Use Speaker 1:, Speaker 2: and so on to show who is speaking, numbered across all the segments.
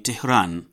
Speaker 1: Tehran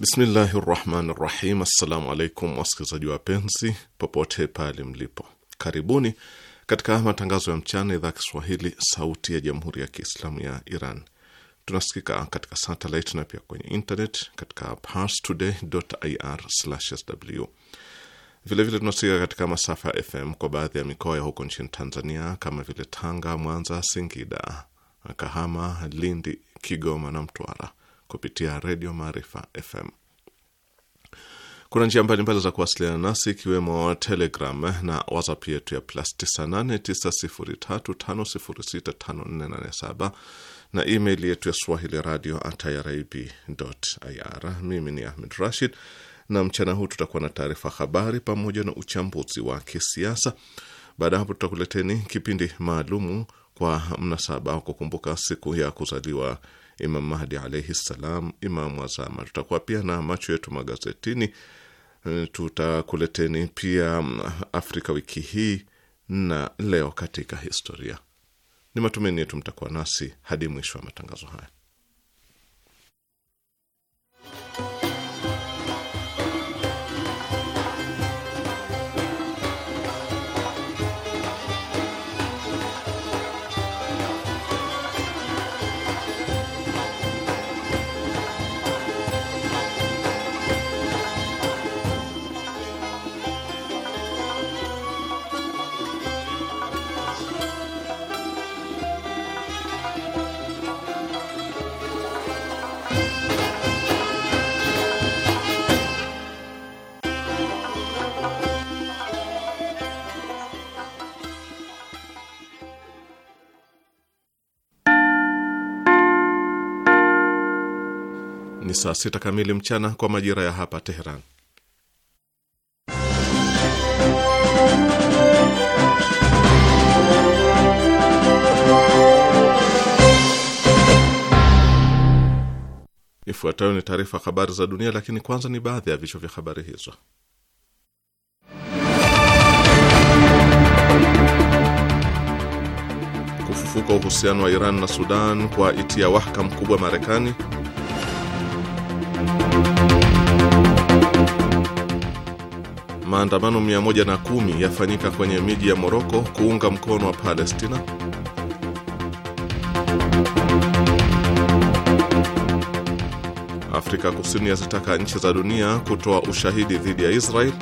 Speaker 2: Bismillahi rahmani rahim. Assalamu alaikum wasikilizaji wapenzi, popote pale mlipo, karibuni katika matangazo ya mchana, idhaa Kiswahili sauti ya jamhuri ya Kiislamu ya Iran. Tunasikika katika satelit na pia kwenye internet katika parstoday.ir/sw. Vilevile tunasikika katika masafa ya FM kwa baadhi ya mikoa ya huko nchini Tanzania kama vile Tanga, Mwanza, Singida, Kahama, Lindi, Kigoma na Mtwara kupitia Redio Maarifa FM. Kuna njia mbalimbali za kuwasiliana nasi ikiwemo Telegram na WhatsApp yetu ya plus 989035065487 na email yetu ya swahili radio irib.ir. Mimi ni Ahmed Rashid, na mchana huu tutakuwa na taarifa habari pamoja na uchambuzi wa kisiasa. Baada ya hapo, tutakuleteni kipindi maalumu kwa mnasaba wa kukumbuka siku ya kuzaliwa Imam Mahdi alaihi ssalam, Imamu Azama. Tutakuwa pia na macho yetu magazetini, eh, tutakuleteni pia mm, Afrika wiki hii na leo katika historia. Ni matumaini yetu mtakuwa nasi hadi mwisho wa matangazo haya. saa sita kamili mchana kwa majira ya hapa Teheran. Ifuatayo ni taarifa habari za dunia, lakini kwanza ni baadhi ya vichwa vya habari hizo. Kufufuka uhusiano wa Iran na Sudan kwa itia waka mkubwa Marekani. Maandamano 110 yafanyika kwenye miji ya Moroko kuunga mkono wa Palestina. Afrika Kusini yazitaka nchi za dunia kutoa ushahidi dhidi ya Israel.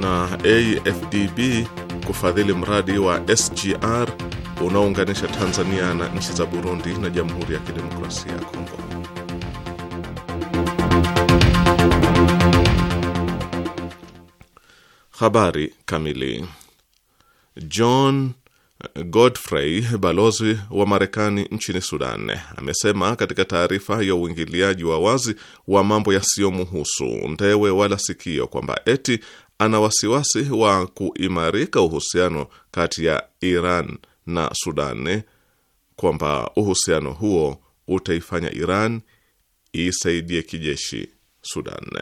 Speaker 2: Na AFDB kufadhili mradi wa SGR unaounganisha Tanzania na nchi za Burundi na Jamhuri ya Kidemokrasia ya Kongo. Habari kamili. John Godfrey, balozi wa Marekani nchini Sudan, amesema katika taarifa ya uingiliaji wa wazi wa mambo yasiyomuhusu ndewe wala sikio kwamba eti ana wasiwasi wa kuimarika uhusiano kati ya Iran na Sudan, kwamba uhusiano huo utaifanya Iran isaidie kijeshi Sudan.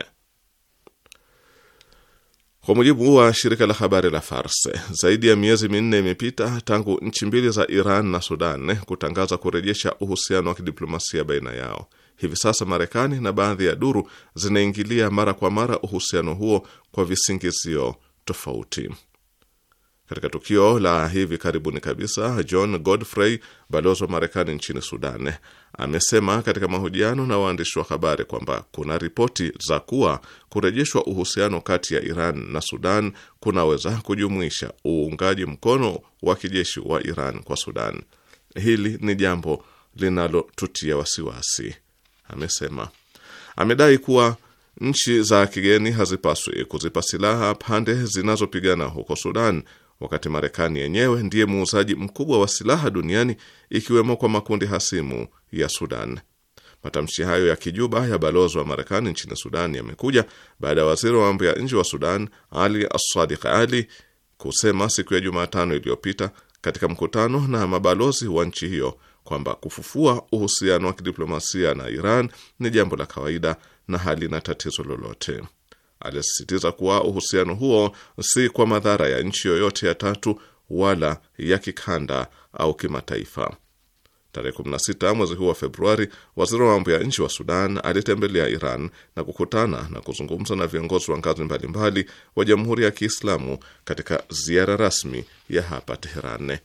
Speaker 2: Kwa mujibu wa shirika la habari la farse zaidi ya miezi minne imepita tangu nchi mbili za Iran na Sudan kutangaza kurejesha uhusiano wa kidiplomasia baina yao. Hivi sasa Marekani na baadhi ya duru zinaingilia mara kwa mara uhusiano huo kwa visingizio tofauti. Katika tukio la hivi karibuni kabisa, John Godfrey, balozi wa Marekani nchini Sudan, amesema katika mahojiano na waandishi wa habari kwamba kuna ripoti za kuwa kurejeshwa uhusiano kati ya Iran na Sudan kunaweza kujumuisha uungaji mkono wa kijeshi wa Iran kwa Sudan. Hili ni jambo linalotutia wasiwasi, amesema. Amedai kuwa nchi za kigeni hazipaswi kuzipa silaha pande zinazopigana huko Sudan wakati Marekani yenyewe ndiye muuzaji mkubwa wa silaha duniani ikiwemo kwa makundi hasimu ya Sudan. Matamshi hayo ya kijuba ya balozi wa Marekani nchini Sudan yamekuja baada ya waziri wa mambo ya nje wa Sudan Ali Asadiq Ali kusema siku ya Jumatano iliyopita katika mkutano na mabalozi wa nchi hiyo kwamba kufufua uhusiano wa kidiplomasia na Iran ni jambo la kawaida na halina tatizo lolote. Alisisitiza kuwa uhusiano huo si kwa madhara ya nchi yoyote ya tatu wala ya kikanda au kimataifa. Tarehe 16 mwezi huu wa Februari, waziri wa mambo ya nchi wa Sudan alitembelea Iran na kukutana na kuzungumza na viongozi wa ngazi mbalimbali wa Jamhuri ya Kiislamu katika ziara rasmi ya hapa Teheran.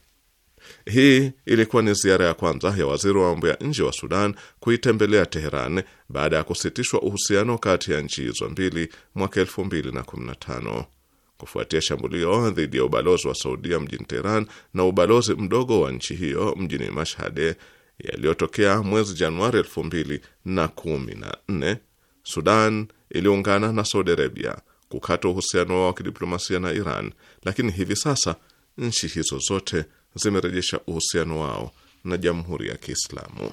Speaker 2: Hii ilikuwa ni ziara ya kwanza ya waziri wa mambo ya nje wa Sudan kuitembelea Teheran baada ya kusitishwa uhusiano kati ya nchi hizo mbili mwaka tano kufuatia shambulio dhidi ya ubalozi wa Saudia mjini Teheran na ubalozi mdogo wa nchi hiyo mjini mashhade yaliyotokea mwezi Januari nne, Sudan iliungana na Saudi Arabia kukata uhusiano wao wa kidiplomasia na Iran, lakini hivi sasa nchi hizo zote zimerejesha uhusiano wao na Jamhuri ya Kiislamu.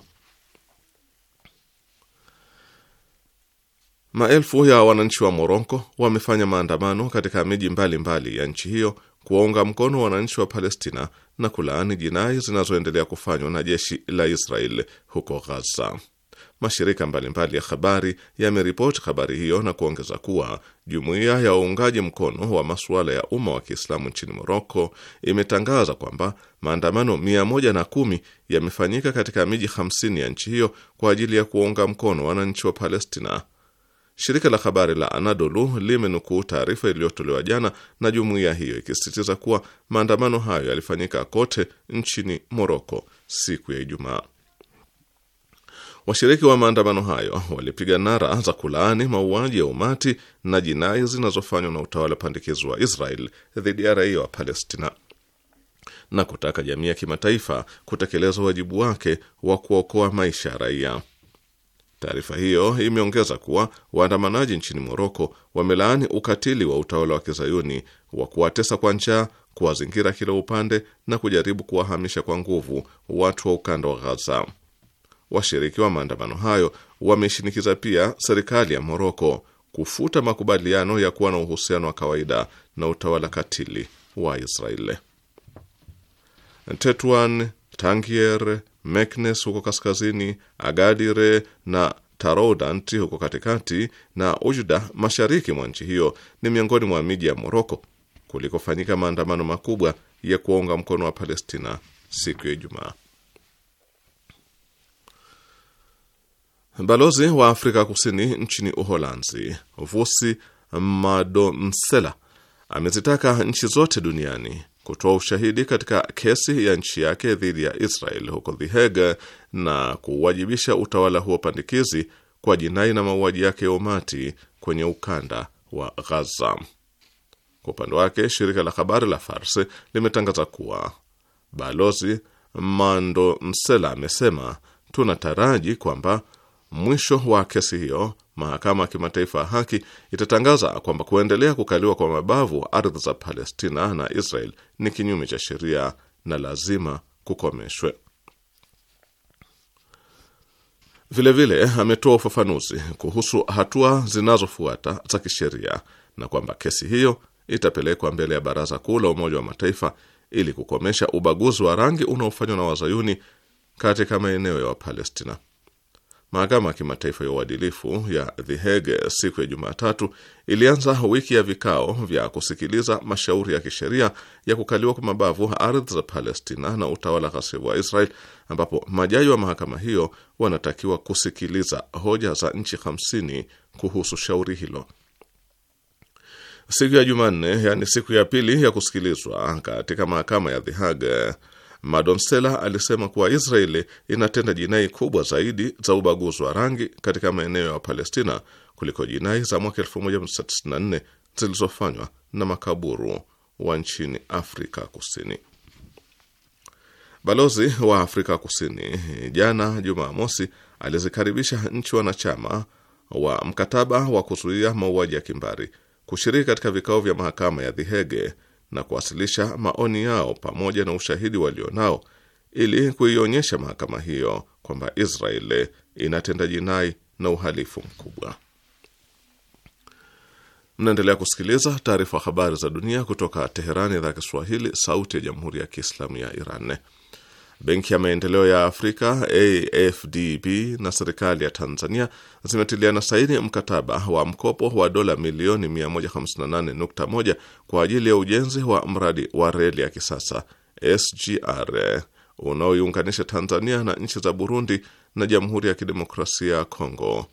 Speaker 2: Maelfu ya wananchi wa Moroko wamefanya maandamano katika miji mbalimbali ya nchi hiyo kuwaunga mkono wananchi wa Palestina na kulaani jinai zinazoendelea kufanywa na jeshi la Israel huko ghaza mashirika mbalimbali ya habari yameripoti habari hiyo na kuongeza kuwa jumuiya ya uungaji mkono wa masuala ya umma wa Kiislamu nchini Moroko imetangaza kwamba maandamano 110 yamefanyika katika miji 50 ya nchi hiyo kwa ajili ya kuwaunga mkono wananchi wa Palestina. Shirika la habari la Anadolu limenukuu taarifa iliyotolewa jana na jumuiya hiyo ikisisitiza kuwa maandamano hayo yalifanyika kote nchini Moroko siku ya Ijumaa. Washiriki wa maandamano hayo walipiga nara za kulaani mauaji ya umati na jinai zinazofanywa na utawala pandikizi wa Israel dhidi ya raia wa Palestina na kutaka jamii ya kimataifa kutekeleza wajibu wake wa kuokoa maisha ya raia. Taarifa hiyo imeongeza kuwa waandamanaji nchini Moroko wamelaani ukatili wa utawala wa kizayuni wa kuwatesa kwa njaa, kuwazingira kila upande na kujaribu kuwahamisha kwa nguvu watu wa ukanda wa Ghaza. Washiriki wa maandamano hayo wameshinikiza pia serikali ya Moroko kufuta makubaliano ya kuwa na uhusiano wa kawaida na utawala katili wa Israeli. Tetwan, Tangier, Meknes huko kaskazini, Agadire na Taroudant huko katikati na Ujda mashariki mwa nchi hiyo ni miongoni mwa miji ya Moroko kulikofanyika maandamano makubwa ya kuwaunga mkono wa Palestina siku ya Ijumaa. Balozi wa Afrika Kusini nchini Uholanzi, Vusi Madonsela, amezitaka nchi zote duniani kutoa ushahidi katika kesi ya nchi yake dhidi ya Israel huko The Hague na kuwajibisha utawala huo pandikizi kwa jinai na mauaji yake ya umati kwenye ukanda wa Gaza. Kwa upande wake, shirika la habari la Fars limetangaza kuwa balozi Mandonsela amesema tunataraji kwamba Mwisho wa kesi hiyo, mahakama ya kimataifa ya haki itatangaza kwamba kuendelea kukaliwa kwa mabavu ardhi za Palestina na Israel ni kinyume cha sheria na lazima kukomeshwe. Vilevile ametoa ufafanuzi kuhusu hatua zinazofuata za kisheria na kwamba kesi hiyo itapelekwa mbele ya Baraza Kuu la Umoja wa Mataifa ili kukomesha ubaguzi wa rangi unaofanywa na wazayuni katika maeneo ya Wapalestina. Mahakama ya Kimataifa ya Uadilifu ya The Hague siku ya Jumatatu ilianza wiki ya vikao vya kusikiliza mashauri ya kisheria ya kukaliwa kwa mabavu ardhi za Palestina na utawala ghasibu wa Israel, ambapo majaji wa mahakama hiyo wanatakiwa kusikiliza hoja za nchi 50 kuhusu shauri hilo. Siku ya Jumanne, yani siku ya pili ya kusikilizwa katika mahakama ya The Hague Madonsela alisema kuwa Israeli inatenda jinai kubwa zaidi za ubaguzi wa rangi katika maeneo ya Palestina kuliko jinai za mwaka 1994 zilizofanywa na makaburu wa nchini Afrika Kusini. Balozi wa Afrika Kusini eh, jana Jumamosi alizikaribisha nchi wanachama wa mkataba wa kuzuia mauaji ya kimbari kushiriki katika vikao vya mahakama ya The Hague na kuwasilisha maoni yao pamoja na ushahidi walionao ili kuionyesha mahakama hiyo kwamba Israeli inatenda jinai na uhalifu mkubwa. Mnaendelea kusikiliza taarifa habari za dunia kutoka Teherani, idhaa ya Kiswahili, sauti ya jamhuri ya kiislamu ya Iran. Benki ya Maendeleo ya Afrika AFDB na serikali ya Tanzania zimetiliana saini mkataba wa mkopo wa dola milioni 158.1 kwa ajili ya ujenzi wa mradi wa reli ya kisasa SGR unaoiunganisha Tanzania na nchi za Burundi na Jamhuri ya Kidemokrasia ya Kongo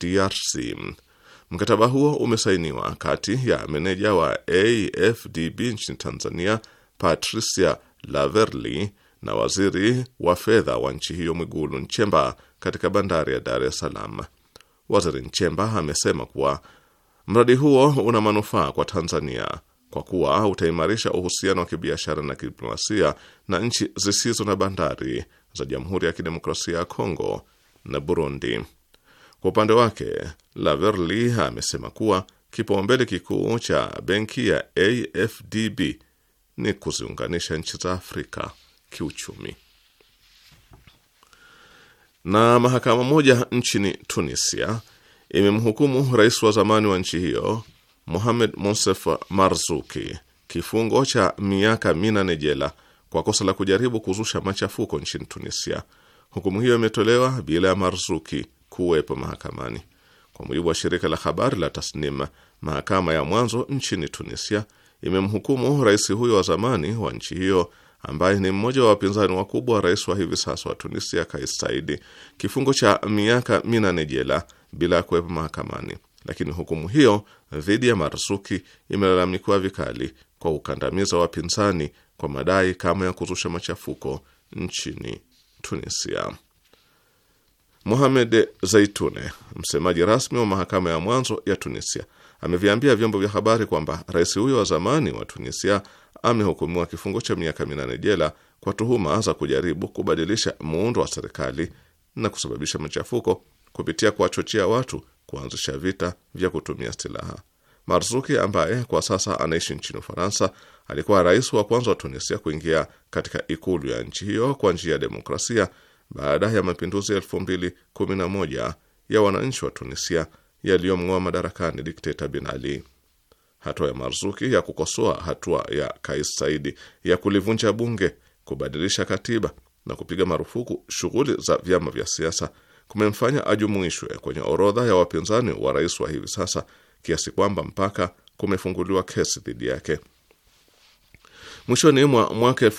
Speaker 2: DRC. Mkataba huo umesainiwa kati ya meneja wa AFDB nchini Tanzania Patricia Laverly na waziri wa fedha wa nchi hiyo Mwigulu Nchemba katika bandari ya Dar es Salaam. Waziri Nchemba amesema kuwa mradi huo una manufaa kwa Tanzania kwa kuwa utaimarisha uhusiano wa kibiashara na kidiplomasia na nchi zisizo na bandari za Jamhuri ya Kidemokrasia ya Kongo na Burundi. Kwa upande wake, Laverly amesema kuwa kipaumbele kikuu cha benki ya AfDB ni kuziunganisha nchi za Afrika kiuchumi. Na mahakama moja nchini Tunisia imemhukumu rais wa zamani wa nchi hiyo Mohamed Monsef Marzuki kifungo cha miaka minane jela kwa kosa la kujaribu kuzusha machafuko nchini Tunisia. Hukumu hiyo imetolewa bila ya Marzuki kuwepo mahakamani. Kwa mujibu wa shirika la habari la Tasnim, mahakama ya mwanzo nchini Tunisia imemhukumu rais huyo wa zamani wa nchi hiyo ambaye ni mmoja wa wapinzani wakubwa wa rais wa hivi sasa wa Tunisia, Kais Saidi, kifungo cha miaka minane jela bila ya kuwepo mahakamani. Lakini hukumu hiyo dhidi ya Marzuki imelalamikiwa vikali kwa ukandamiza wapinzani kwa madai kama ya kuzusha machafuko nchini Tunisia. Mohamed Zaitune, msemaji rasmi wa mahakama ya mwanzo ya Tunisia, ameviambia vyombo vya habari kwamba rais huyo wa zamani wa Tunisia amehukumiwa kifungo cha miaka minane jela kwa tuhuma za kujaribu kubadilisha muundo wa serikali na kusababisha machafuko kupitia kuwachochea watu kuanzisha vita vya kutumia silaha. Marzuki ambaye kwa sasa anaishi nchini Ufaransa alikuwa rais wa kwanza wa Tunisia kuingia katika ikulu ya nchi hiyo kwa njia ya demokrasia baada ya mapinduzi ya moja ya wananchi wa Tunisia yaliyomng'oa madarakani dikteta Ben Ali hatua ya Marzuki ya kukosoa hatua ya Kais Saidi ya kulivunja bunge, kubadilisha katiba na kupiga marufuku shughuli za vyama vya siasa kumemfanya ajumuishwe kwenye orodha ya wapinzani wa rais wa hivi sasa kiasi kwamba mpaka kumefunguliwa kesi dhidi yake. Mwishoni mwa mwaka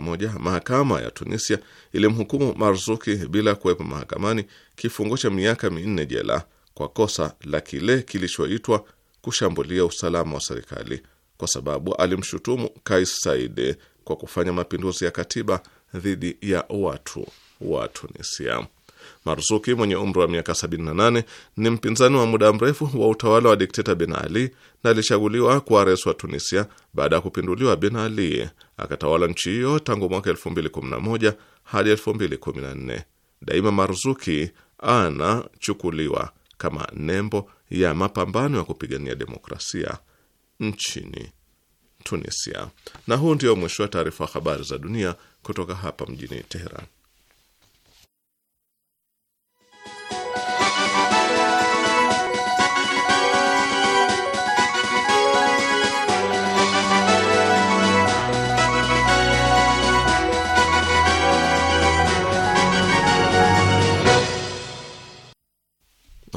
Speaker 2: moja mahakama ya Tunisia ilimhukumu Marzuki bila kuwepo mahakamani kifungo cha miaka minne jela kwa kosa la kile kilichoitwa kushambulia usalama wa serikali kwa sababu alimshutumu Kais Saidi kwa kufanya mapinduzi ya katiba dhidi ya watu wa Tunisia. Marzuki mwenye umri wa miaka 78 ni mpinzani wa muda mrefu wa utawala wa dikteta Ben Ali na alichaguliwa kuwa rais wa Tunisia baada ya kupinduliwa Ben Ali. Akatawala nchi hiyo tangu mwaka 2011 hadi 2014. Daima Marzuki anachukuliwa kama nembo ya mapambano ya kupigania demokrasia nchini Tunisia. Na huu ndio mwisho wa taarifa ya habari za dunia kutoka hapa mjini Teheran.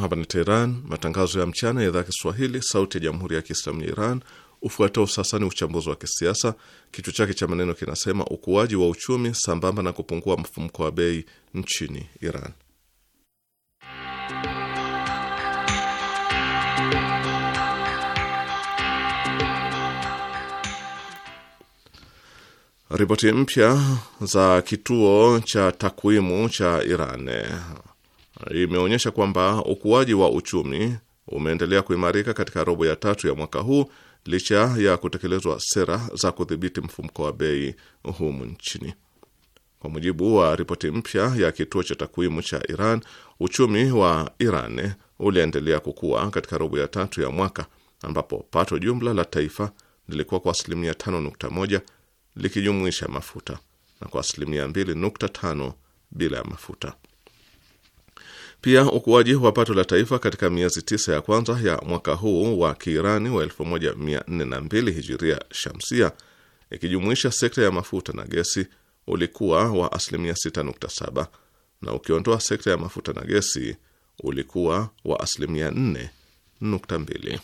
Speaker 2: hapa ni Teheran, matangazo ya mchana ya idhaa ya Kiswahili, sauti ya jamhuri ya kiislamu ya Iran. Ufuatao sasa ni uchambuzi wa kisiasa, kichwa chake cha maneno kinasema ukuaji wa uchumi sambamba na kupungua mfumko wa bei nchini Iran. Ripoti mpya za kituo cha takwimu cha Iran imeonyesha kwamba ukuaji wa uchumi umeendelea kuimarika katika robo ya tatu ya mwaka huu licha ya kutekelezwa sera za kudhibiti mfumko wa bei humu nchini. Kwa mujibu wa ripoti mpya ya kituo cha takwimu cha Iran, uchumi wa Iran uliendelea kukua katika robo ya tatu ya mwaka ambapo pato jumla la taifa lilikuwa kwa asilimia 5.1 likijumuisha mafuta na kwa asilimia 2.5 bila ya mafuta. Pia ukuaji wa pato la taifa katika miezi tisa ya kwanza ya mwaka huu wa Kiirani wa 142 hijiria shamsia ikijumuisha sekta ya mafuta na gesi ulikuwa wa asilimia 6.7 na ukiondoa sekta ya mafuta na gesi ulikuwa wa asilimia 4.2.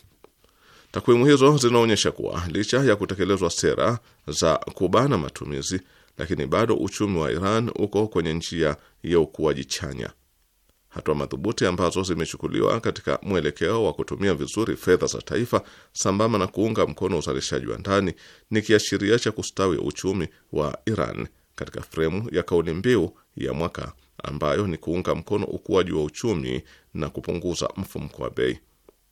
Speaker 2: Takwimu hizo zinaonyesha kuwa licha ya kutekelezwa sera za kubana matumizi, lakini bado uchumi wa Iran uko kwenye njia ya ukuaji chanya hatua madhubuti ambazo zimechukuliwa katika mwelekeo wa kutumia vizuri fedha za taifa sambamba na kuunga mkono uzalishaji wa ndani ni kiashiria cha kustawi uchumi wa Iran katika fremu ya kauli mbiu ya mwaka ambayo ni kuunga mkono ukuaji wa uchumi na kupunguza mfumko wa bei.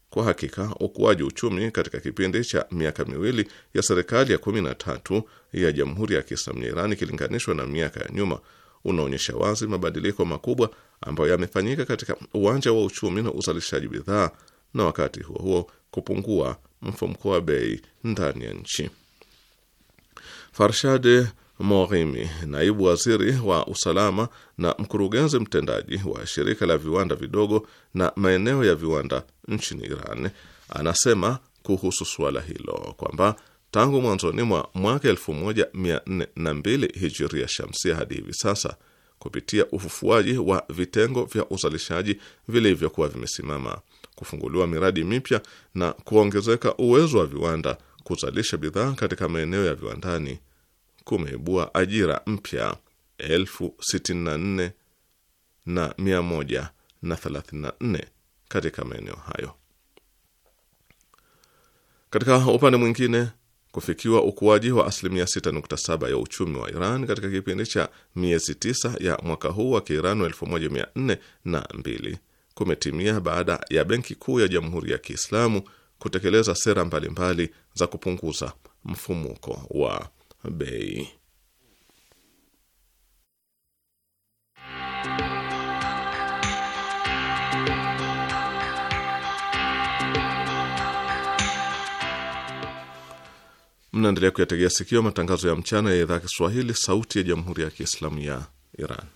Speaker 2: Kwa hakika ukuaji uchumi katika kipindi cha miaka miwili ya serikali ya kumi na tatu ya Jamhuri ya Kiislamu ya Iran ikilinganishwa na miaka ya nyuma unaonyesha wazi mabadiliko makubwa ambayo yamefanyika katika uwanja wa uchumi na uzalishaji bidhaa na wakati huo huo kupungua mfumko wa bei ndani ya nchi. Farshad Morimi, naibu waziri wa usalama na mkurugenzi mtendaji wa shirika la viwanda vidogo na maeneo ya viwanda nchini Iran, anasema kuhusu suala hilo kwamba Tangu mwanzoni mwa mwaka 1402 hijiria shamsia hadi hivi sasa, kupitia ufufuaji wa vitengo vya uzalishaji vilivyokuwa vimesimama, kufunguliwa miradi mipya na kuongezeka uwezo wa viwanda kuzalisha bidhaa katika maeneo ya viwandani, kumeibua ajira mpya elfu sitini na nne na mia moja na thelathini na nne katika maeneo hayo. Katika upande mwingine kufikiwa ukuaji wa asilimia 6.7 ya uchumi wa Iran katika kipindi cha miezi 9 ya mwaka huu wa Kiirani 1402 kumetimia baada ya Benki Kuu ya Jamhuri ya Kiislamu kutekeleza sera mbalimbali mbali za kupunguza mfumuko wa bei. Mnaendelea kuyategea sikio matangazo ya mchana ya idhaa ya Kiswahili, sauti ya jamhuri ya kiislamu ya Iran.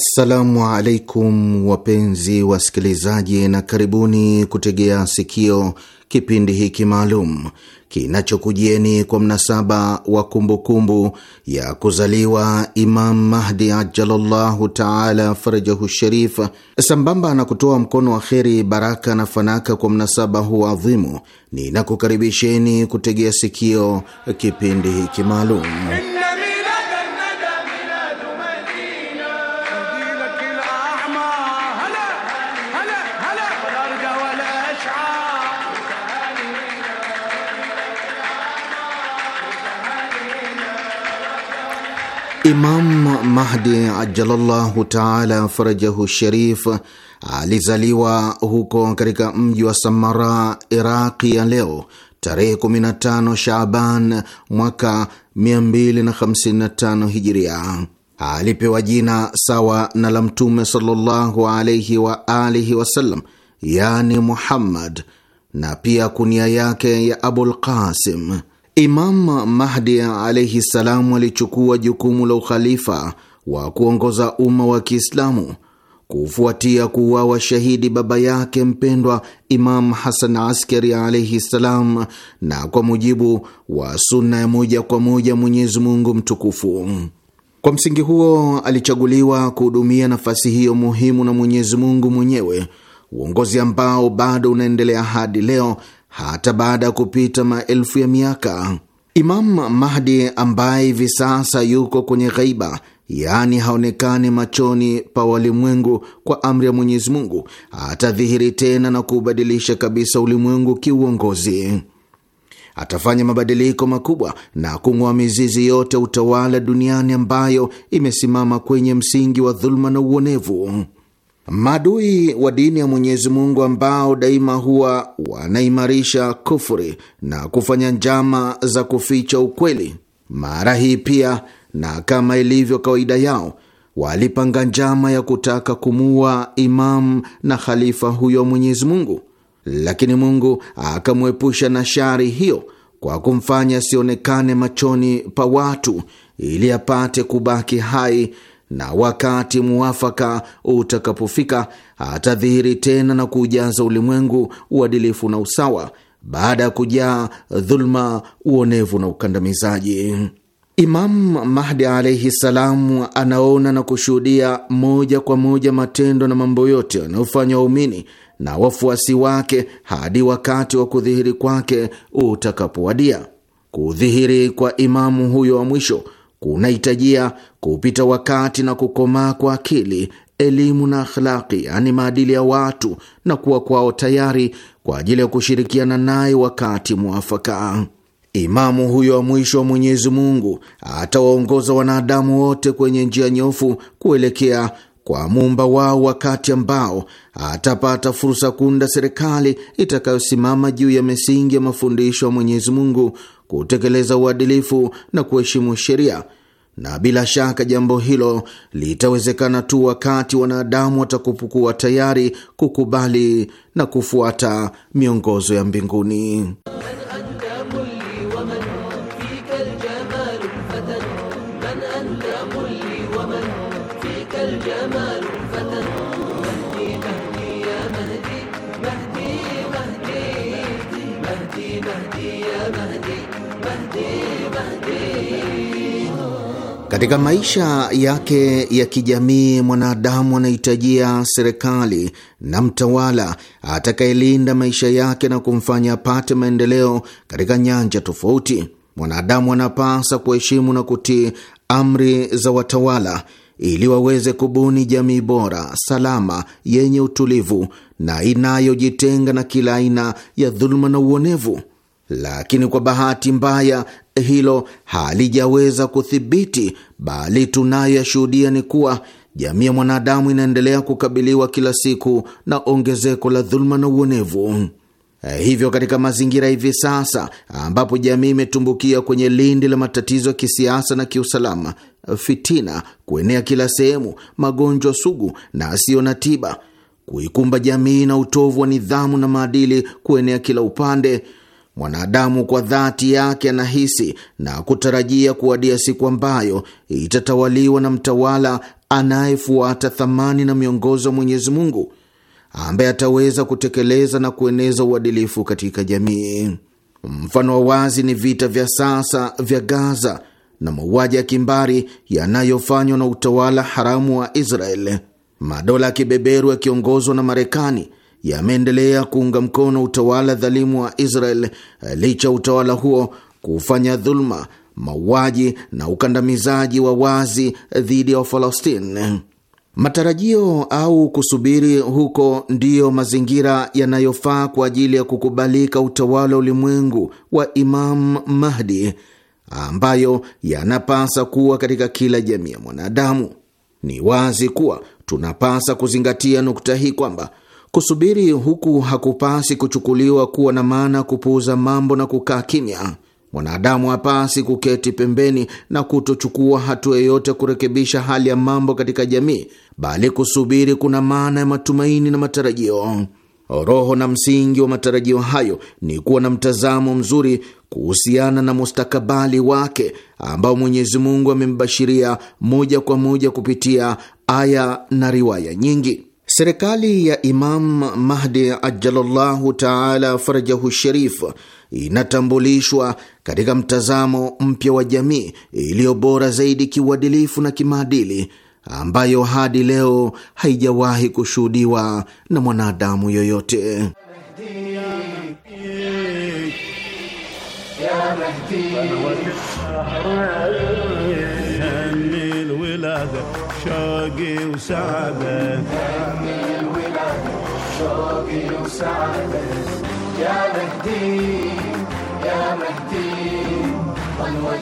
Speaker 1: Assalamu alaikum wapenzi wasikilizaji, na karibuni kutegea sikio kipindi hiki maalum kinachokujieni kwa mnasaba wa kumbukumbu kumbu ya kuzaliwa Imam Mahdi ajalallahu taala farajahu sharif, sambamba na kutoa mkono wa kheri, baraka na fanaka kwa mnasaba huu adhimu, ninakukaribisheni kutegea sikio kipindi hiki maalum. Imam Mahdi ajalallahu taala farajahu sharif alizaliwa huko katika mji wa Samara, Iraqi ya leo tarehe 15 Shaaban mwaka 255 Hijiria. Alipewa jina sawa na la Mtume sallallahu alaihi wa alihi wasallam, yani Muhammad, na pia kunia yake ya Abul Qasim. Imam Mahdi alaihi salamu alichukua jukumu la ukhalifa wa kuongoza umma wa Kiislamu kufuatia kuuawa shahidi baba yake mpendwa Imam Hasan Askari alaihi salam, na kwa mujibu wa sunna ya moja kwa moja Mwenyezi Mungu Mtukufu. Kwa msingi huo alichaguliwa kuhudumia nafasi hiyo muhimu na Mwenyezi Mungu mwenyewe, uongozi ambao bado unaendelea hadi leo hata baada ya kupita maelfu ya miaka. Imam Mahdi ambaye hivi sasa yuko kwenye ghaiba, yaani haonekani machoni pa walimwengu, kwa amri ya Mwenyezi Mungu atadhihiri tena na kuubadilisha kabisa ulimwengu kiuongozi. Atafanya mabadiliko makubwa na kung'oa mizizi yote utawala duniani ambayo imesimama kwenye msingi wa dhuluma na uonevu. Maadui wa dini ya Mwenyezi Mungu ambao daima huwa wanaimarisha kufuri na kufanya njama za kuficha ukweli, mara hii pia, na kama ilivyo kawaida yao, walipanga njama ya kutaka kumuua imamu na khalifa huyo Mwenyezi Mungu, lakini Mungu akamwepusha na shari hiyo kwa kumfanya asionekane machoni pa watu ili apate kubaki hai na wakati muwafaka utakapofika atadhihiri tena na kuujaza ulimwengu uadilifu na usawa baada ya kujaa dhuluma, uonevu na ukandamizaji. imam Mahdi alaihi salam anaona na kushuhudia moja kwa moja matendo na mambo yote yanayofanya waumini na wafuasi wake hadi wakati wa kudhihiri kwake utakapowadia. Kudhihiri kwa imamu huyo wa mwisho kunahitajia kupita wakati na kukomaa kwa akili, elimu na akhlaki, yani maadili ya watu, na kuwa kwao tayari kwa ajili ya kushirikiana naye wakati mwafaka. Imamu huyo wa mwisho wa Mwenyezi Mungu atawaongoza wanadamu wote kwenye njia nyofu kuelekea kwa muumba wao, wakati ambao atapata fursa kuunda serikali itakayosimama juu ya misingi ya mafundisho ya Mwenyezi Mungu kutekeleza uadilifu na kuheshimu sheria, na bila shaka jambo hilo litawezekana tu wakati wanadamu watakapokuwa tayari kukubali na kufuata miongozo ya mbinguni. Katika maisha yake ya kijamii, mwanadamu anahitajia serikali na mtawala atakayelinda maisha yake na kumfanya apate maendeleo katika nyanja tofauti. Mwanadamu anapasa kuheshimu na kutii amri za watawala ili waweze kubuni jamii bora, salama, yenye utulivu na inayojitenga na kila aina ya dhuluma na uonevu lakini kwa bahati mbaya hilo halijaweza kuthibiti, bali tunayoyashuhudia ni kuwa jamii ya mwanadamu inaendelea kukabiliwa kila siku na ongezeko la dhuluma na uonevu. Hivyo, katika mazingira hivi sasa ambapo jamii imetumbukia kwenye lindi la matatizo ya kisiasa na kiusalama, fitina kuenea kila sehemu, magonjwa sugu na asiyo na tiba kuikumba jamii, na utovu wa nidhamu na maadili kuenea kila upande Mwanadamu kwa dhati yake anahisi na kutarajia kuwadia siku ambayo itatawaliwa na mtawala anayefuata thamani na miongozo ya Mwenyezi Mungu ambaye ataweza kutekeleza na kueneza uadilifu katika jamii. Mfano wa wazi ni vita vya sasa vya Gaza na mauaji ya kimbari yanayofanywa na utawala haramu wa Israel. Madola ya kibeberu yakiongozwa na Marekani yameendelea kuunga mkono utawala dhalimu wa Israel eh, licha utawala huo kufanya dhuluma, mauaji na ukandamizaji wa wazi eh, dhidi ya Wafalastini. Matarajio au kusubiri huko ndiyo mazingira yanayofaa kwa ajili ya kukubalika utawala ulimwengu wa Imam Mahdi, ambayo yanapasa kuwa katika kila jamii ya mwanadamu. Ni wazi kuwa tunapasa kuzingatia nukta hii kwamba Kusubiri huku hakupasi kuchukuliwa kuwa na maana kupuuza mambo na kukaa kimya. Mwanadamu hapasi kuketi pembeni na kutochukua hatua yoyote kurekebisha hali ya mambo katika jamii, bali kusubiri kuna maana ya matumaini na matarajio. Roho na msingi wa matarajio hayo ni kuwa na mtazamo mzuri kuhusiana na mustakabali wake ambao Mwenyezi Mungu amembashiria moja kwa moja kupitia aya na riwaya nyingi. Serikali ya Imam Mahdi ajalallahu taala farajahu sharif inatambulishwa katika mtazamo mpya wa jamii iliyo bora zaidi kiuadilifu na kimaadili ambayo hadi leo haijawahi kushuhudiwa na mwanadamu yoyote.
Speaker 3: يا مهدي يا مهدي قنوة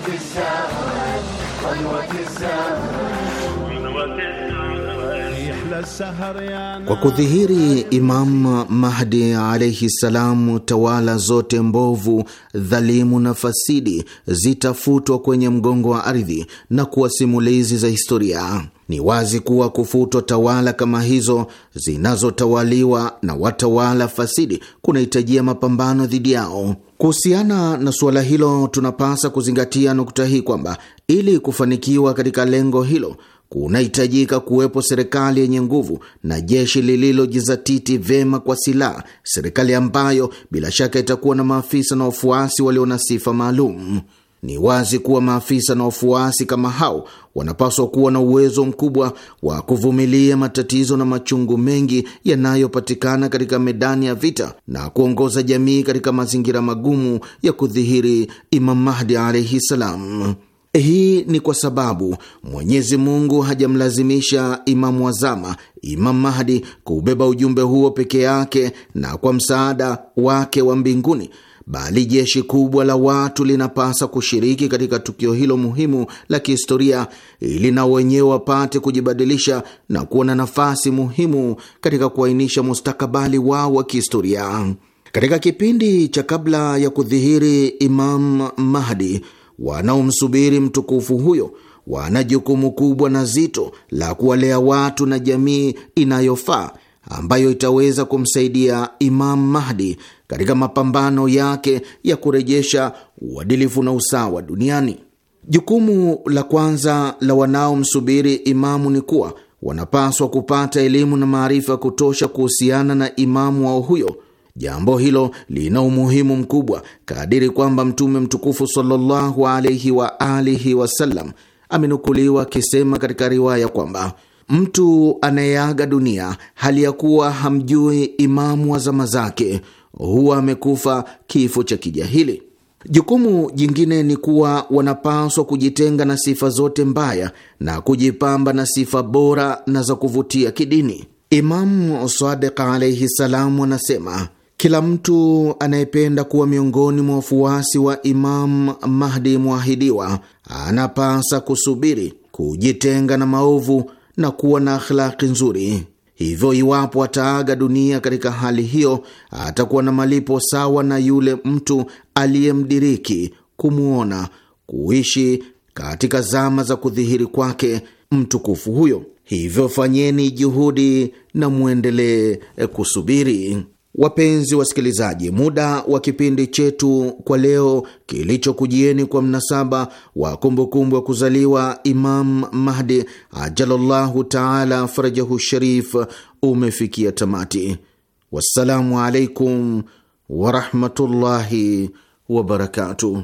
Speaker 1: kwa kudhihiri Imam Mahdi alaihi salam, tawala zote mbovu, dhalimu na fasidi zitafutwa kwenye mgongo wa ardhi na kuwa simulizi za historia. Ni wazi kuwa kufutwa tawala kama hizo zinazotawaliwa na watawala fasidi kunahitajia mapambano dhidi yao. Kuhusiana na suala hilo, tunapasa kuzingatia nukta hii kwamba ili kufanikiwa katika lengo hilo kunahitajika kuwepo serikali yenye nguvu na jeshi lililojizatiti vyema kwa silaha, serikali ambayo bila shaka itakuwa na maafisa na wafuasi walio na sifa maalum. Ni wazi kuwa maafisa na wafuasi kama hao wanapaswa kuwa na uwezo mkubwa wa kuvumilia matatizo na machungu mengi yanayopatikana katika medani ya vita na kuongoza jamii katika mazingira magumu ya kudhihiri Imam Mahdi alaihi salam. Hii ni kwa sababu Mwenyezi Mungu hajamlazimisha Imamu wazama Imam Mahdi kubeba ujumbe huo peke yake na kwa msaada wake wa mbinguni bali jeshi kubwa la watu linapasa kushiriki katika tukio hilo muhimu la kihistoria ili na wenyewe wapate kujibadilisha na kuwa na nafasi muhimu katika kuainisha mustakabali wao wa kihistoria. Katika kipindi cha kabla ya kudhihiri Imam Mahdi, wanaomsubiri mtukufu huyo wana jukumu kubwa na zito la kuwalea watu na jamii inayofaa ambayo itaweza kumsaidia Imam Mahdi katika mapambano yake ya kurejesha uadilifu na usawa duniani. Jukumu la kwanza la wanaomsubiri imamu ni kuwa wanapaswa kupata elimu na maarifa ya kutosha kuhusiana na imamu wao huyo. Jambo hilo lina umuhimu mkubwa kadiri kwamba Mtume mtukufu sallallahu alaihi wa alihi wasallam amenukuliwa akisema katika riwaya kwamba mtu anayeaga dunia hali ya kuwa hamjui imamu wa zama zake huwa amekufa kifo cha kijahili. Jukumu jingine ni kuwa wanapaswa kujitenga na sifa zote mbaya na kujipamba na sifa bora na za kuvutia kidini. Imamu Sadiq alaihi salam anasema kila mtu anayependa kuwa miongoni mwa wafuasi wa Imam Mahdi mwahidiwa anapasa kusubiri, kujitenga na maovu na kuwa na akhlaki nzuri. Hivyo, iwapo ataaga dunia katika hali hiyo, atakuwa na malipo sawa na yule mtu aliyemdiriki kumwona kuishi katika zama za kudhihiri kwake mtukufu huyo. Hivyo fanyeni juhudi na mwendelee kusubiri. Wapenzi wasikilizaji, muda wa kipindi chetu kwa leo kilichokujieni kwa mnasaba wa kumbukumbu ya kuzaliwa Imam Mahdi ajalallahu taala farajahu sharif umefikia tamati. Wassalamu alaikum warahmatullahi wabarakatuh.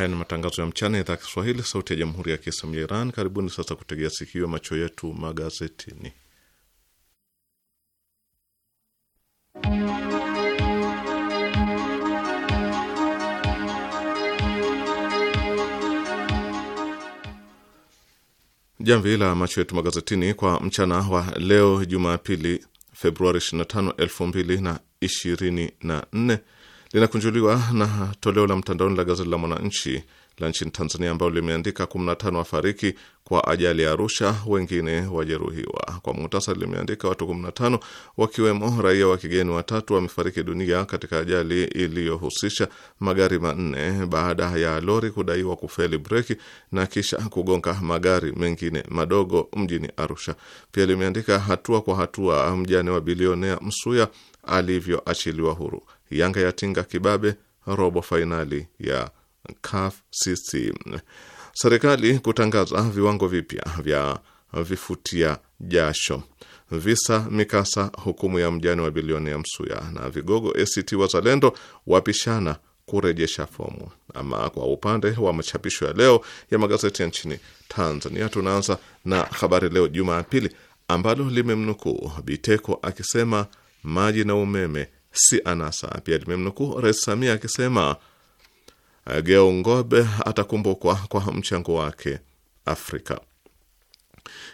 Speaker 2: haya ni matangazo ya mchana ya idhaa ya Kiswahili, sauti ya jamhuri ya kiislamu ya Iran. Karibuni sasa kutegea sikio, macho yetu magazetini. Jamvi la macho yetu magazetini kwa mchana wa leo Jumapili, Februari 25, 2024 linakunjuliwa na toleo la mtandaoni la gazeti la Mwananchi la nchini Tanzania ambalo limeandika 15 wafariki kwa ajali ya Arusha, wengine wajeruhiwa. Kwa muhtasari, limeandika watu 15 wakiwemo raia wa kigeni watatu wamefariki dunia katika ajali iliyohusisha magari manne baada ya lori kudaiwa kufeli breki na kisha kugonga magari mengine madogo mjini Arusha. Pia limeandika hatua kwa hatua mjane wa bilionea Msuya alivyoachiliwa huru. Yanga yatinga kibabe robo fainali ya CAF CC. Serikali kutangaza viwango vipya vya vifutia jasho. Visa mikasa, hukumu ya mjani wa bilioni ya Msuya na vigogo ACT Wazalendo wapishana kurejesha fomu. Ama kwa upande wa machapisho ya leo ya magazeti ya nchini Tanzania, tunaanza na Habari Leo Jumapili ambalo limemnukuu Biteko akisema maji na umeme si anasa. Pia limemnukuu Rais Samia akisema Geongobe atakumbukwa kwa mchango wake Afrika.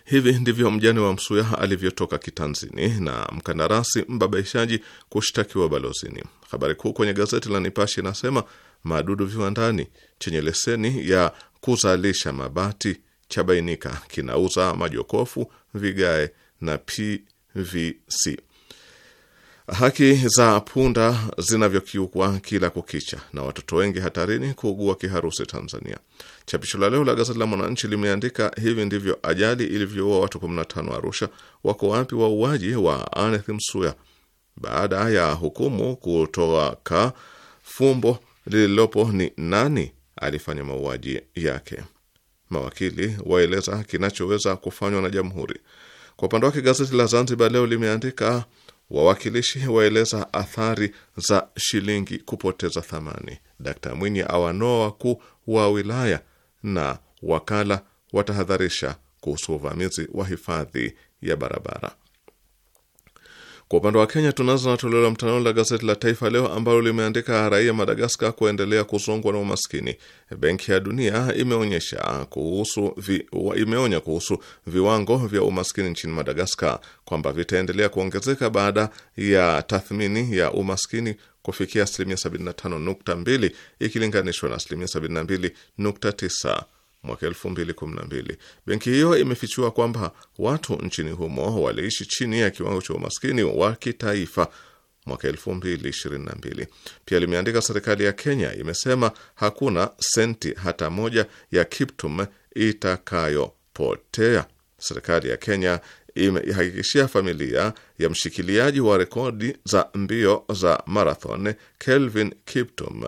Speaker 2: Hivi ndivyo mjane wa Msuya alivyotoka kitanzini na mkandarasi mbabaishaji kushtakiwa balozini. Habari kuu kwenye gazeti la nipashi inasema madudu viwandani chenye leseni ya kuzalisha mabati chabainika kinauza majokofu, vigae na PVC. Haki za punda zinavyokiukwa kila kukicha na watoto wengi hatarini kuugua kiharusi Tanzania. Chapisho la leo la gazeti la Mwananchi limeandika hivi ndivyo ajali ilivyoua watu 15 Arusha. Wako wapi wauaji wa Aneth Msuya? Baada ya hukumu kutoka, fumbo lililopo ni nani alifanya mauaji yake. Mawakili waeleza kinachoweza kufanywa na jamhuri. Kwa upande wake gazeti la Zanzibar leo limeandika Wawakilishi waeleza athari za shilingi kupoteza thamani. Dkt Mwinyi awanoa wakuu wa wilaya na wakala watahadharisha kuhusu uvamizi wa hifadhi ya barabara. Kwa upande wa Kenya tunazo na toleo la mtandao la gazeti la Taifa Leo ambalo limeandika raia Madagaskar kuendelea kuzongwa na umaskini. Benki ya Dunia imeonyesha kuhusu vi, imeonya kuhusu viwango vya umaskini nchini Madagaskar kwamba vitaendelea kuongezeka baada ya tathmini ya umaskini kufikia asilimia 75.2 ikilinganishwa na asilimia 72.9 mwaka 2012. Benki hiyo imefichua kwamba watu nchini humo waliishi chini ya kiwango cha umaskini wa kitaifa mwaka Pia limeandika serikali ya Kenya imesema hakuna senti hata moja ya Kiptum itakayopotea. Serikali ya Kenya imehakikishia familia ya mshikiliaji wa rekodi za mbio za marathon Kelvin Kiptum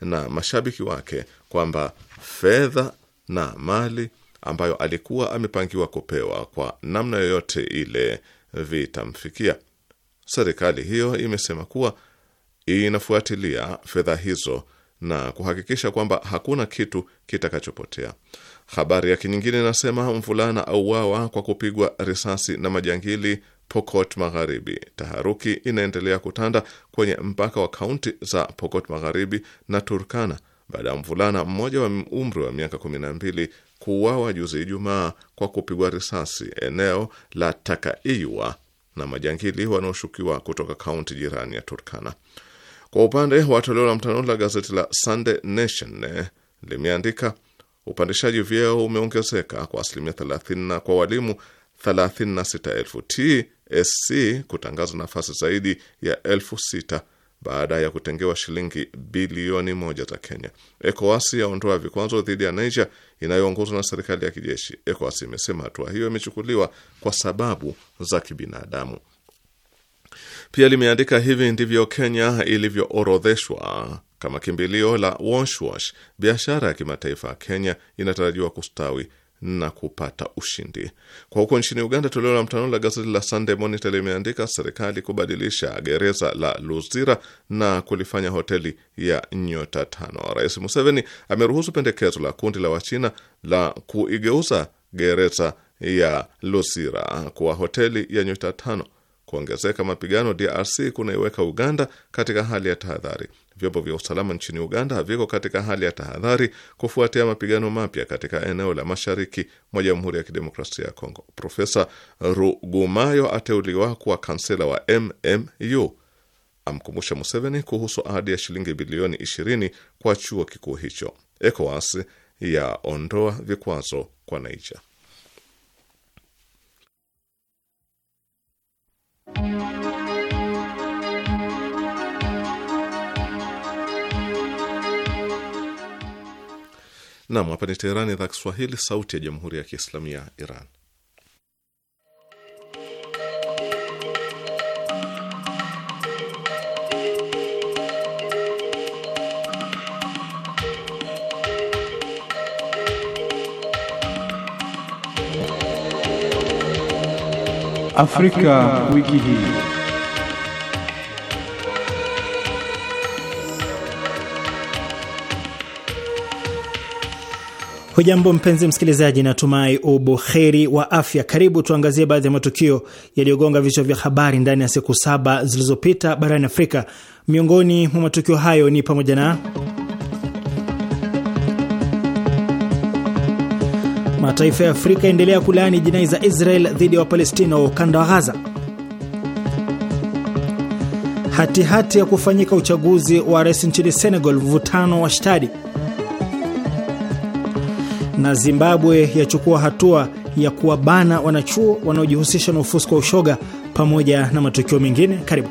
Speaker 2: na mashabiki wake kwamba fedha na mali ambayo alikuwa amepangiwa kupewa kwa namna yoyote ile vitamfikia. Serikali hiyo imesema kuwa inafuatilia fedha hizo na kuhakikisha kwamba hakuna kitu kitakachopotea. Habari yake nyingine inasema mvulana auawa kwa kupigwa risasi na majangili Pokot Magharibi. Taharuki inaendelea kutanda kwenye mpaka wa kaunti za Pokot Magharibi na Turkana baada ya mvulana mmoja wa umri wa miaka 12 kuuawa juzi Ijumaa kwa kupigwa risasi eneo la Takaiwa na majangili wanaoshukiwa kutoka kaunti jirani ya Turkana. Kwa upande wa toleo la mtandaoni la gazeti la Sunday Nation eh, limeandika upandishaji vyeo umeongezeka kwa asilimia 30 na kwa walimu 36,000 TSC kutangaza nafasi zaidi ya elfu sita baada ya kutengewa shilingi bilioni moja za Kenya. ECOWAS yaondoa vikwazo dhidi ya Niger inayoongozwa na serikali ya kijeshi. ECOWAS imesema hatua hiyo imechukuliwa kwa sababu za kibinadamu. Pia limeandika hivi ndivyo Kenya ilivyoorodheshwa kama kimbilio la Wash. Biashara ya kimataifa ya Kenya inatarajiwa kustawi na kupata ushindi. Kwa huko nchini Uganda, toleo la mtandao la gazeti la Sunday Monitor limeandika serikali kubadilisha gereza la Luzira na kulifanya hoteli ya nyota tano. Rais Museveni ameruhusu pendekezo la kundi la Wachina la kuigeuza gereza ya Luzira kuwa hoteli ya nyota tano. Kuongezeka mapigano DRC kunaiweka Uganda katika hali ya tahadhari. Vyombo vya usalama nchini Uganda viko katika hali ya tahadhari kufuatia mapigano mapya katika eneo la mashariki mwa Jamhuri ya Kidemokrasia ya Kongo. Profesa Rugumayo ateuliwa kuwa kansela wa MMU, amkumbusha Museveni kuhusu ahadi ya shilingi bilioni 20 kwa chuo kikuu hicho. ECOWAS ya ondoa vikwazo kwa Niger. Nam, hapa ni Teherani, idhaa Kiswahili, sauti ya jamhuri ya kiislamu ya Iran.
Speaker 4: Afrika, Afrika. Wiki hii Hujambo mpenzi msikilizaji, natumai ubuheri wa afya. Karibu tuangazie baadhi ya matukio yaliyogonga vichwa vya habari ndani ya siku saba zilizopita barani Afrika. Miongoni mwa matukio hayo ni pamoja na mataifa ya Afrika endelea kulaani jinai za Israel dhidi ya Wapalestina wa ukanda wa ghaza hatihati hati ya kufanyika uchaguzi wa rais nchini Senegal, mvutano wa shtadi na Zimbabwe yachukua hatua ya kuwabana wanachuo wanaojihusisha na ufusko wa ushoga pamoja na matukio mengine. Karibu.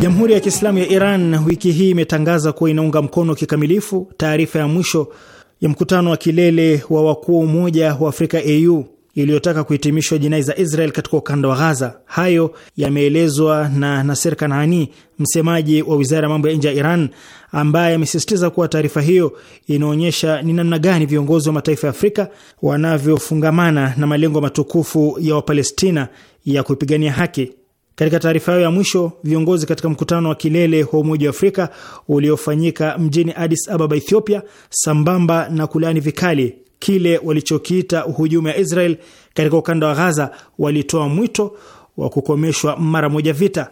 Speaker 4: Jamhuri ya Kiislamu ya Iran wiki hii imetangaza kuwa inaunga mkono kikamilifu taarifa ya mwisho ya mkutano wa kilele wa wakuu wa Umoja wa Afrika AU iliyotaka kuhitimishwa jinai za Israel katika ukanda wa Ghaza. Hayo yameelezwa na Nasir Kanani, msemaji wa wizara ya mambo ya nje ya Iran, ambaye amesisitiza kuwa taarifa hiyo inaonyesha ni namna gani viongozi wa mataifa ya Afrika wanavyofungamana na malengo matukufu ya Wapalestina ya kuipigania haki. Katika taarifa yao ya mwisho, viongozi katika mkutano wa kilele wa Umoja wa Afrika uliofanyika mjini Addis Ababa, Ethiopia, sambamba na kulaani vikali kile walichokiita uhujumu ya Israel katika ukanda wa Ghaza walitoa mwito wa kukomeshwa mara moja vita.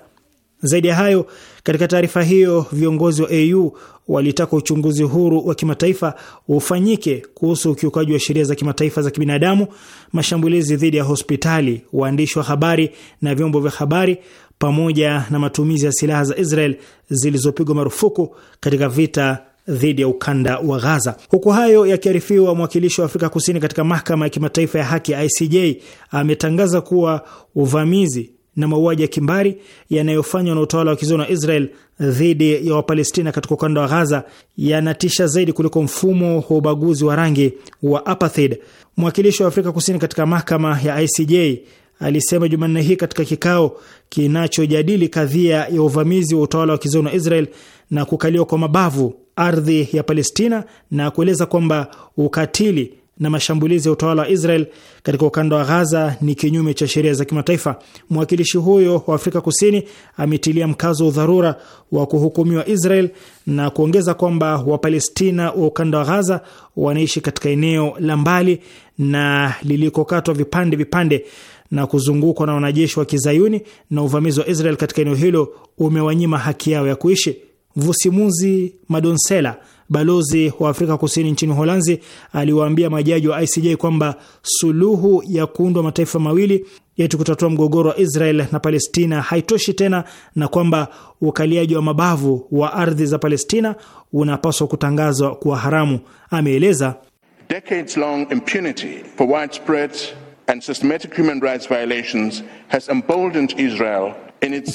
Speaker 4: Zaidi ya hayo, katika taarifa hiyo viongozi wa AU walitaka uchunguzi huru wa kimataifa ufanyike kuhusu ukiukaji wa sheria za kimataifa za kibinadamu, mashambulizi dhidi ya hospitali, waandishi wa habari na vyombo vya habari, pamoja na matumizi ya silaha za Israel zilizopigwa marufuku katika vita dhidi ya ukanda wa Ghaza. Huku hayo yakiarifiwa, mwakilishi wa Afrika Kusini katika mahakama ya kimataifa ya haki ya ICJ ametangaza kuwa uvamizi na mauaji ya kimbari yanayofanywa na utawala wa kizona wa Israel dhidi ya Wapalestina katika ukanda wa Ghaza yanatisha zaidi kuliko mfumo wa ubaguzi wa rangi wa apartheid. Mwakilishi wa Afrika Kusini katika mahakama ya ICJ alisema Jumanne hii katika kikao kinachojadili kadhia ya uvamizi wa utawala wa kizona wa Israel na kukaliwa kwa mabavu ardhi ya Palestina na kueleza kwamba ukatili na mashambulizi ya utawala wa Israel katika ukanda wa Ghaza ni kinyume cha sheria za kimataifa. Mwakilishi huyo wa Afrika Kusini ametilia mkazo wa udharura wa kuhukumiwa Israel na kuongeza kwamba Wapalestina wa ukanda wa Ghaza wanaishi katika eneo la mbali na lilikokatwa vipande vipande na kuzungukwa na wanajeshi wa kizayuni na uvamizi wa Israel katika eneo hilo umewanyima haki yao ya kuishi. Vusimuzi Madonsela, balozi wa Afrika Kusini nchini holanzi aliwaambia majaji wa ICJ kwamba suluhu ya kuundwa mataifa mawili yetu kutatua mgogoro wa Israel na Palestina haitoshi tena na kwamba ukaliaji wa mabavu wa ardhi za Palestina unapaswa kutangazwa kuwa haramu. Ameeleza
Speaker 2: decades long impunity for widespread and systematic human rights violations has emboldened Israel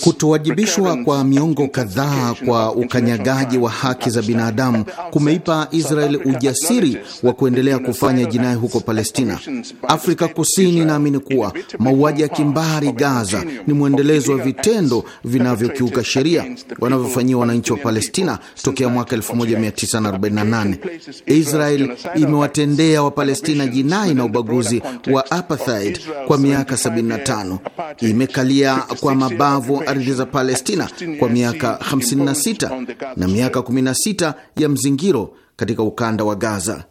Speaker 2: Kutowajibishwa
Speaker 1: kwa miongo kadhaa kwa ukanyagaji wa haki za binadamu kumeipa Israel ujasiri wa kuendelea kufanya jinai huko Palestina. Afrika Kusini inaamini kuwa mauaji ya kimbari Gaza ni mwendelezo wa vitendo vinavyokiuka sheria wanavyofanyia wananchi wa Palestina tokea mwaka 1948. Israel imewatendea Wapalestina jinai na ubaguzi wa apartheid kwa miaka 75, imekalia kwa mabaa mabavu ardhi za Palestina kwa miaka 56 na miaka 16 ya mzingiro katika ukanda wa Gaza.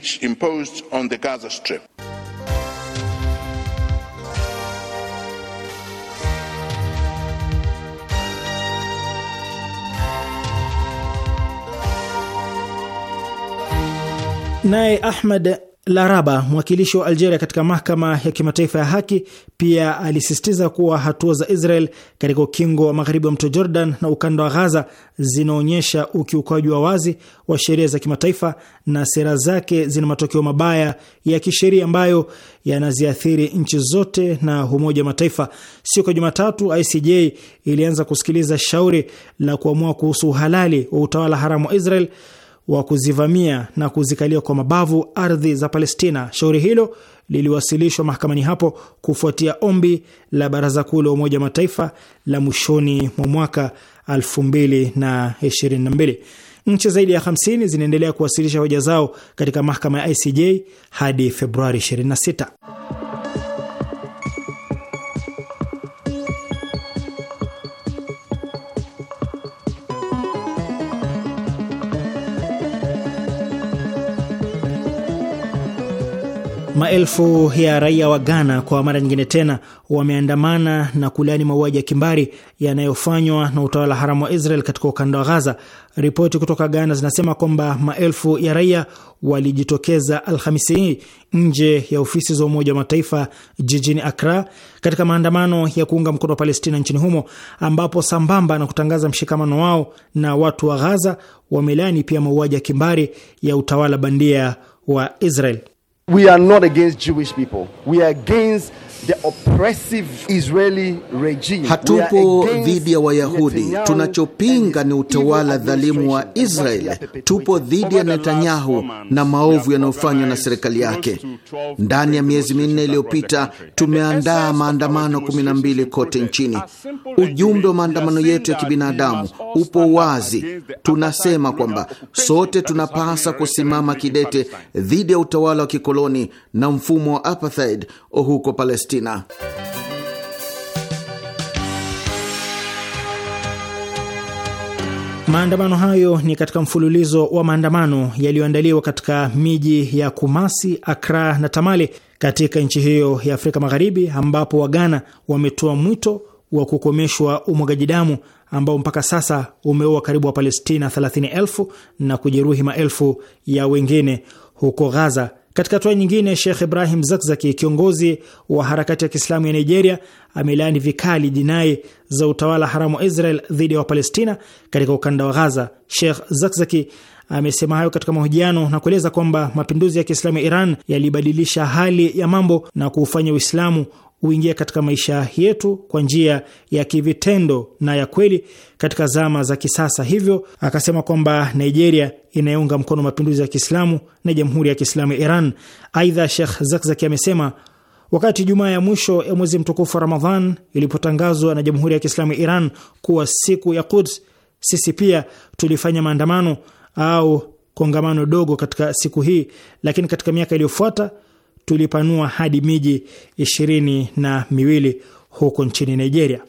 Speaker 4: Naye Ahmed Laraba, mwakilishi wa Algeria katika mahakama ya kimataifa ya haki, pia alisisitiza kuwa hatua za Israel katika ukingo wa magharibi wa mto Jordan na ukanda wa Ghaza zinaonyesha ukiukaji wa wazi wa sheria za kimataifa na sera zake zina matokeo mabaya ya kisheria ambayo yanaziathiri nchi zote na Umoja wa Mataifa. Siku ya Jumatatu, ICJ ilianza kusikiliza shauri la kuamua kuhusu uhalali wa utawala haramu wa Israel wa kuzivamia na kuzikalia kwa mabavu ardhi za Palestina. Shauri hilo liliwasilishwa mahakamani hapo kufuatia ombi la Baraza Kuu la Umoja wa Mataifa la mwishoni mwa mwaka 2022. Nchi zaidi ya 50 zinaendelea kuwasilisha hoja zao katika mahakama ya ICJ hadi Februari 26. Maelfu ya raia wa Ghana kwa mara nyingine tena wameandamana na kulaani mauaji ya kimbari yanayofanywa na utawala haramu wa Israel katika ukanda wa Ghaza. Ripoti kutoka Ghana zinasema kwamba maelfu ya raia walijitokeza Alhamisi hii nje ya ofisi za Umoja wa Mataifa jijini Akra katika maandamano ya kuunga mkono wa Palestina nchini humo, ambapo sambamba na kutangaza mshikamano wao na watu wa Ghaza wamelaani pia mauaji ya kimbari ya utawala bandia wa Israel. we are not against Jewish people. We are against Hatupo
Speaker 1: dhidi ya Wayahudi. Tunachopinga ni utawala dhalimu wa Israeli. Tupo dhidi ya Netanyahu na maovu yanayofanywa na serikali yake. Ndani ya miezi minne iliyopita, tumeandaa maandamano 12 kote nchini. Ujumbe wa maandamano yetu ya kibinadamu upo wazi. Tunasema kwamba sote tunapasa kusimama kidete dhidi ya utawala wa kikoloni na mfumo wa apartheid huko Palestina. Palestina.
Speaker 4: Maandamano hayo ni katika mfululizo wa maandamano yaliyoandaliwa katika miji ya Kumasi, Akra na Tamale katika nchi hiyo ya Afrika Magharibi, ambapo Waghana wametoa mwito wa kukomeshwa umwagaji damu ambao mpaka sasa umeua karibu wa Palestina elfu na kujeruhi maelfu ya wengine huko Ghaza katika hatua nyingine, Sheikh Ibrahim Zakzaki, kiongozi wa harakati ya Kiislamu ya Nigeria, amelaani vikali jinai za utawala haramu wa Israel dhidi ya Wapalestina katika ukanda wa Ghaza. Sheikh Zakzaki amesema hayo katika mahojiano na kueleza kwamba mapinduzi ya Kiislamu ya Iran yalibadilisha hali ya mambo na kuufanya Uislamu uingia katika maisha yetu kwa njia ya kivitendo na ya kweli katika zama za kisasa. Hivyo akasema kwamba Nigeria inayounga mkono mapinduzi ya Kiislamu na Jamhuri ya Kiislamu ya Iran. Aidha, Shekh Zakzaki amesema wakati Jumaa ya mwisho ya mwezi mtukufu wa Ramadhan ilipotangazwa na Jamhuri ya Kiislamu ya Iran kuwa siku ya Quds, sisi pia tulifanya maandamano au kongamano dogo katika siku hii, lakini katika miaka iliyofuata tulipanua hadi miji ishirini na miwili huko nchini Nigeria.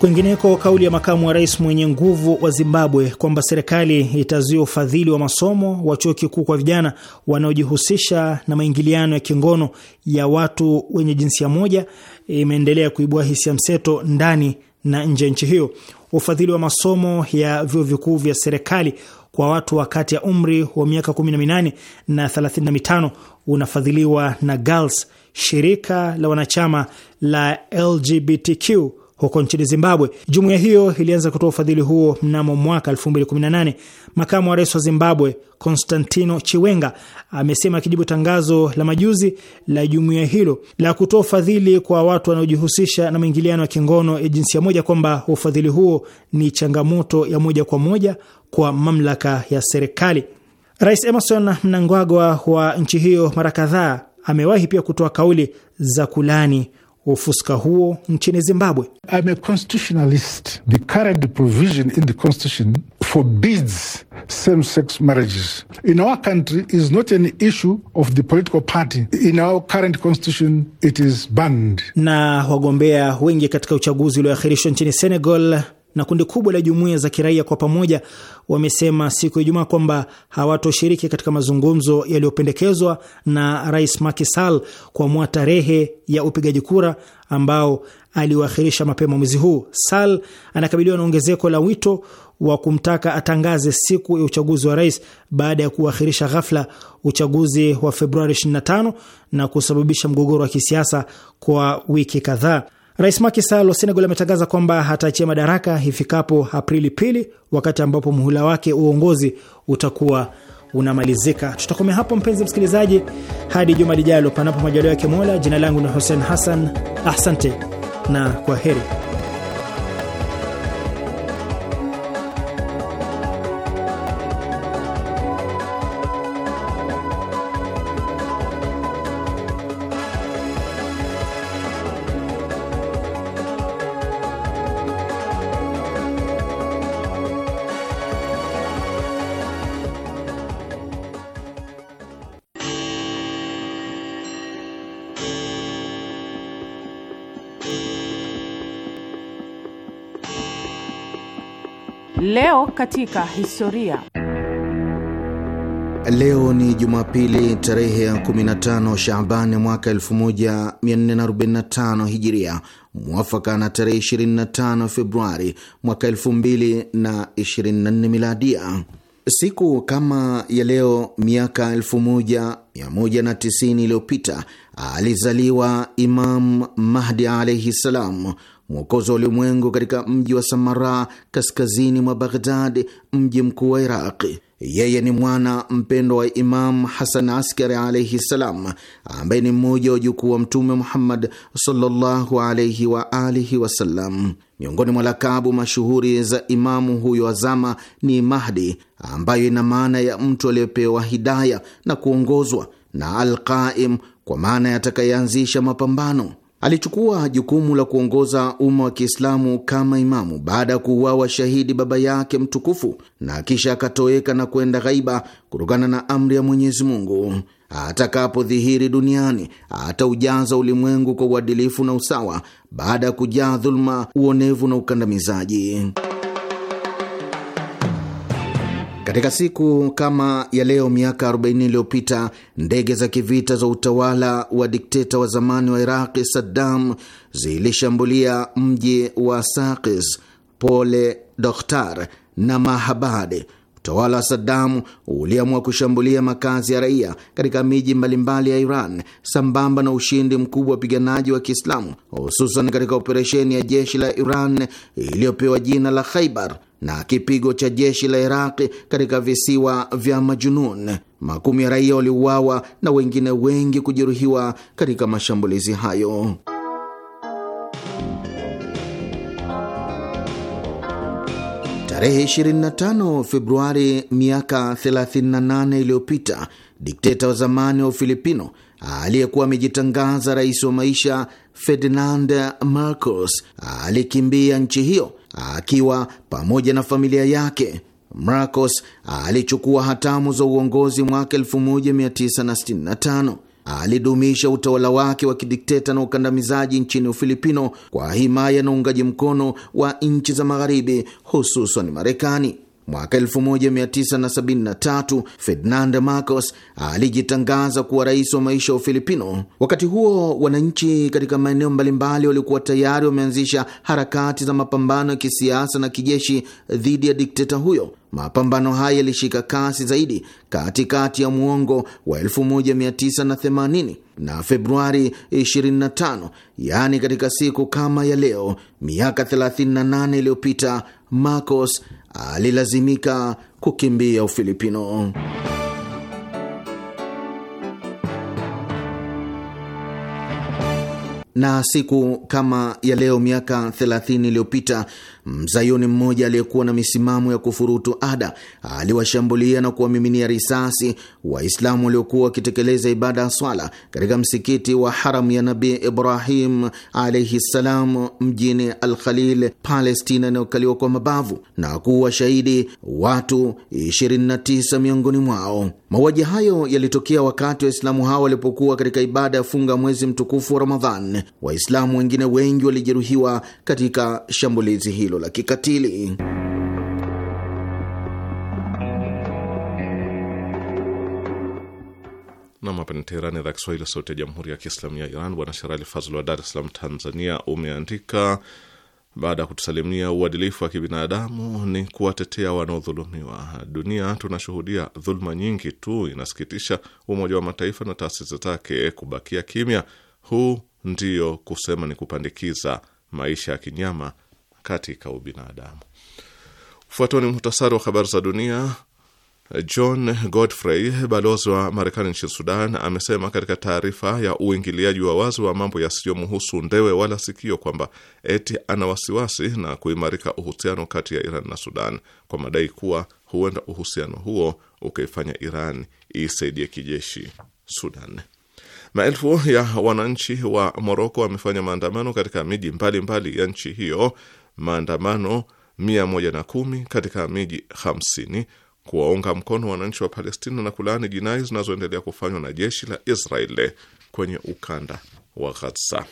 Speaker 4: Kwingineko, kauli ya makamu wa rais mwenye nguvu wa Zimbabwe kwamba serikali itazuia ufadhili wa masomo wa chuo kikuu kwa vijana wanaojihusisha na maingiliano ya kingono ya watu wenye jinsia moja imeendelea kuibua hisia mseto ndani na nje ya nchi hiyo. Ufadhili wa masomo ya vyuo vikuu vya serikali kwa watu wa kati ya umri wa miaka 18 na 35 unafadhiliwa na GALS, shirika la wanachama la LGBTQ huko nchini Zimbabwe. Jumuiya hiyo ilianza kutoa ufadhili huo mnamo mwaka 2018. Makamu wa rais wa Zimbabwe Constantino Chiwenga amesema akijibu tangazo la majuzi la jumuiya hilo la kutoa ufadhili kwa watu wanaojihusisha na mwingiliano wa kingono ya jinsia moja kwamba ufadhili huo ni changamoto ya moja kwa moja kwa mamlaka ya serikali. Rais Emerson Mnangagwa wa nchi hiyo mara kadhaa amewahi pia kutoa kauli za kulani ufuska huo nchini Zimbabwe.
Speaker 2: I'm a constitutionalist. The current provision in the constitution forbids same-sex marriages. In our country is not an issue of the political party. In our current constitution it is banned.
Speaker 4: Na wagombea wengi katika uchaguzi ulioahirishwa nchini Senegal na kundi kubwa la jumuiya za kiraia kwa pamoja wamesema siku ya Ijumaa kwamba hawatoshiriki katika mazungumzo yaliyopendekezwa na Rais Macky Sall kuamua tarehe ya upigaji kura ambao aliuahirisha mapema mwezi huu. Sall anakabiliwa na ongezeko la wito wa kumtaka atangaze siku ya uchaguzi wa rais baada ya kuahirisha ghafla uchaguzi wa Februari 25 na kusababisha mgogoro wa kisiasa kwa wiki kadhaa. Rais Macky Sall wa Senegal ametangaza kwamba hataachia madaraka ifikapo Aprili pili, wakati ambapo muhula wake uongozi utakuwa unamalizika. Tutakomea hapo mpenzi msikilizaji, hadi juma lijalo, panapo majaliwa yake Mola. Jina langu ni Hussein Hassan, asante na kwa heri.
Speaker 5: Leo katika historia.
Speaker 1: Leo ni Jumapili tarehe ya 15 Shaabani mwaka 1445 Hijiria, mwafaka na tarehe 25 Februari mwaka 2024 Miladia. Siku kama ya leo miaka 1190 iliyopita alizaliwa Imam Mahdi alaihi ssalam, mwokozi wa ulimwengu katika mji wa Samara kaskazini mwa Baghdad, mji mkuu wa Iraqi. Yeye ni mwana mpendwa wa Imam Hasan Askari alaihi ssalam, ambaye ni mmoja wa jukuu wa Mtume Muhammad sallallahu alaihi wa alihi wasallam. Miongoni mwa lakabu mashuhuri za imamu huyo azama ni Mahdi, ambayo ina maana ya mtu aliyepewa hidaya na kuongozwa, na Alqaim kwa maana yatakayeanzisha mapambano. Alichukua jukumu la kuongoza umma wa Kiislamu kama imamu baada ya kuuawa shahidi baba yake mtukufu, na kisha akatoweka na kwenda ghaiba kutokana na amri ya Mwenyezi Mungu. Atakapodhihiri duniani ataujaza ulimwengu kwa uadilifu na usawa, baada ya kujaa dhuluma, uonevu na ukandamizaji. Katika siku kama ya leo miaka 40 iliyopita ndege za kivita za utawala wa dikteta wa zamani wa Iraqi Saddam zilishambulia mji wa Sakis, Pole Dokhtar na Mahabad. Utawala wa Sadamu uliamua kushambulia makazi ya raia katika miji mbalimbali ya Iran sambamba na ushindi mkubwa wa wapiganaji wa Kiislamu, hususan katika operesheni ya jeshi la Iran iliyopewa jina la Khaibar na kipigo cha jeshi la Iraqi katika visiwa vya Majunun. Makumi ya raia waliuawa na wengine wengi kujeruhiwa katika mashambulizi hayo. Tarehe 25 Februari miaka 38 iliyopita, dikteta wa zamani wa Ufilipino aliyekuwa amejitangaza rais wa maisha Ferdinand Marcos alikimbia nchi hiyo akiwa pamoja na familia yake. Marcos alichukua hatamu za uongozi mwaka 1965. Alidumisha utawala wake wa kidikteta na ukandamizaji nchini Ufilipino kwa himaya na uungaji mkono wa nchi za Magharibi, hususan Marekani. Mwaka 1973 Ferdinand Marcos alijitangaza kuwa rais wa maisha wa Ufilipino. Wakati huo, wananchi katika maeneo mbalimbali walikuwa tayari wameanzisha harakati za mapambano ya kisiasa na kijeshi dhidi ya dikteta huyo. Mapambano haya yalishika kasi zaidi katikati kati ya muongo wa 1980 na Februari 25, yaani katika siku kama ya leo miaka 38 iliyopita Marcos alilazimika kukimbia Ufilipino. na siku kama ya leo miaka 30 iliyopita mzayuni mmoja aliyekuwa na misimamo ya kufurutu ada aliwashambulia na kuwamiminia risasi Waislamu waliokuwa wakitekeleza ibada ya swala katika msikiti wa haram ya nabi Ibrahim alaihi ssalam mjini Al Khalil, Palestina inayokaliwa kwa mabavu na kuwa shahidi watu 29 miongoni mwao. Mauaji hayo yalitokea wakati Waislamu hao walipokuwa katika ibada ya funga mwezi mtukufu wa Ramadhan. Waislamu wengine wengi walijeruhiwa katika shambulizi hilo la kikatili.
Speaker 2: Namapene Teherani, idhaa Kiswahili, sauti ya jamhuri ya kiislamu ya Iran. Bwana Sherali Fazl wa Dar es Salaam, Tanzania, umeandika baada ya kutusalimia, uadilifu wa kibinadamu ni kuwatetea wanaodhulumiwa. Dunia tunashuhudia dhuluma nyingi tu, inasikitisha Umoja wa Mataifa na taasisi zake kubakia kimya. Huu ndiyo kusema ni kupandikiza maisha ya kinyama katika ubinadamu. Ufuatao ni muhtasari wa habari za dunia. John Godfrey, balozi wa Marekani nchini Sudan, amesema katika taarifa ya uingiliaji wa wazi wa mambo yasiyomhusu ndewe wala sikio kwamba eti ana wasiwasi na kuimarika uhusiano kati ya Iran na Sudan kwa madai kuwa huenda uhusiano huo ukaifanya Iran isaidie kijeshi Sudan. Maelfu ya wananchi wa Moroko wamefanya maandamano katika miji mbalimbali ya nchi hiyo, maandamano 110 katika miji 50 kuwaunga mkono wananchi wa Palestina na kulaani jinai zinazoendelea kufanywa na jeshi la Israeli kwenye ukanda wa Ghaza.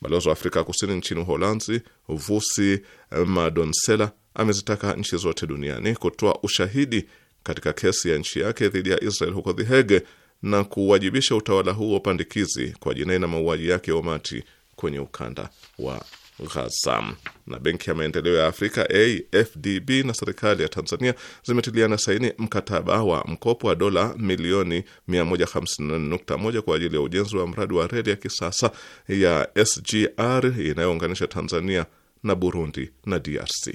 Speaker 2: Balozi wa Afrika Kusini nchini Uholanzi, Vusi Madonsela, amezitaka nchi zote duniani kutoa ushahidi katika kesi ya nchi yake dhidi ya Israel huko The Hague na kuwajibisha utawala huo pandikizi kwa jinai na mauaji yake ya umati kwenye ukanda wa Gaza. Na Benki ya Maendeleo ya Afrika AFDB na serikali ya Tanzania zimetiliana saini mkataba wa mkopo wa dola milioni 154.1 kwa ajili ya ujenzi wa mradi wa reli ya kisasa ya SGR inayounganisha Tanzania na Burundi na DRC.